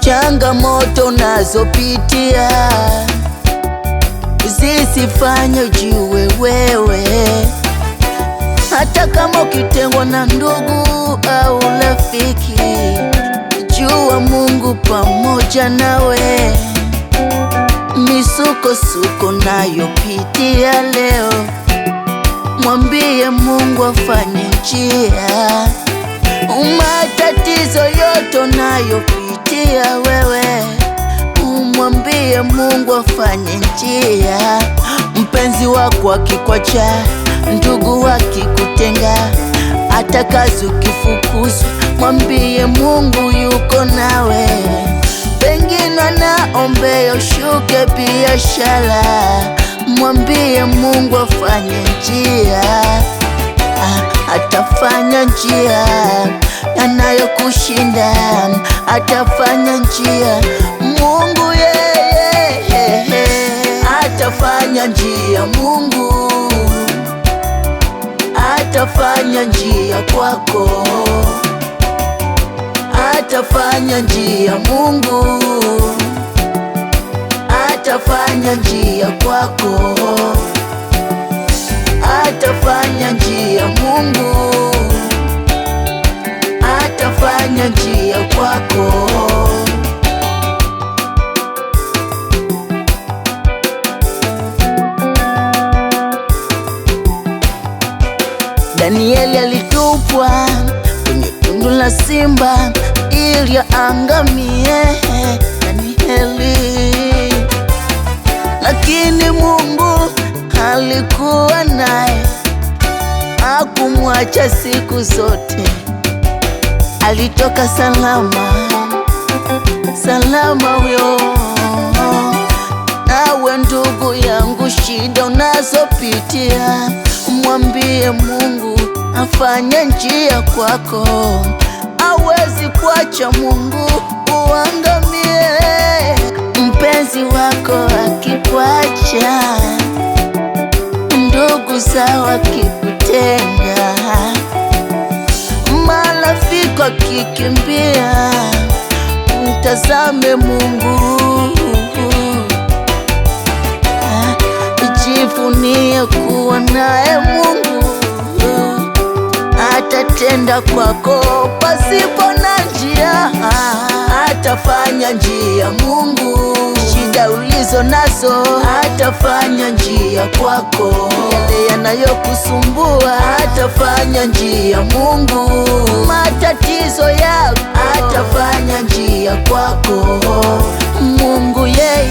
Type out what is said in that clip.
changamoto nazopitia zisifanye jiwe wewe, hata kama ukitengwa na ndugu au rafiki, jua Mungu pamoja nawe. Misukosuko nayopitia leo, mwambie Mungu afanye njia. Matatizo yote nayopitia kupitia wewe, umwambie Mungu afanye njia. Mpenzi wako akikwacha, ndugu akikutenga, hata kazi ukifukuzwa, mwambie Mungu yuko nawe. Pengine anaombea ushuke biashara, mwambie Mungu afanye njia, ah, atafanya njia yanayokushinda, atafanya njia Mungu yeye, yeah, yeah, yeah. atafanya njia Mungu atafanya njia kwako, atafanya njia Mungu atafanya njia kwako, atafanya njia Mungu Danieli alitupwa kwenye tundu la simba ili aangamie, Danieli, lakini Mungu alikuwa naye, akumwacha siku zote, alitoka salama salama huyo. Nawe ndugu yangu, shida unazopitia Mwambie Mungu afanye njia kwako, awezi kuacha Mungu uangamie. Mpenzi wako akikuacha, ndugu zao akikutenga, marafiki akikimbia, mtazame Mungu, ah, jivunie uonaye Mungu atatenda kwako pasipo na njia, atafanya njia Mungu. Shida ulizo nazo atafanya njia kwako, yale yanayokusumbua atafanya njia Mungu. Matatizo yako atafanya njia kwako Mungu yeye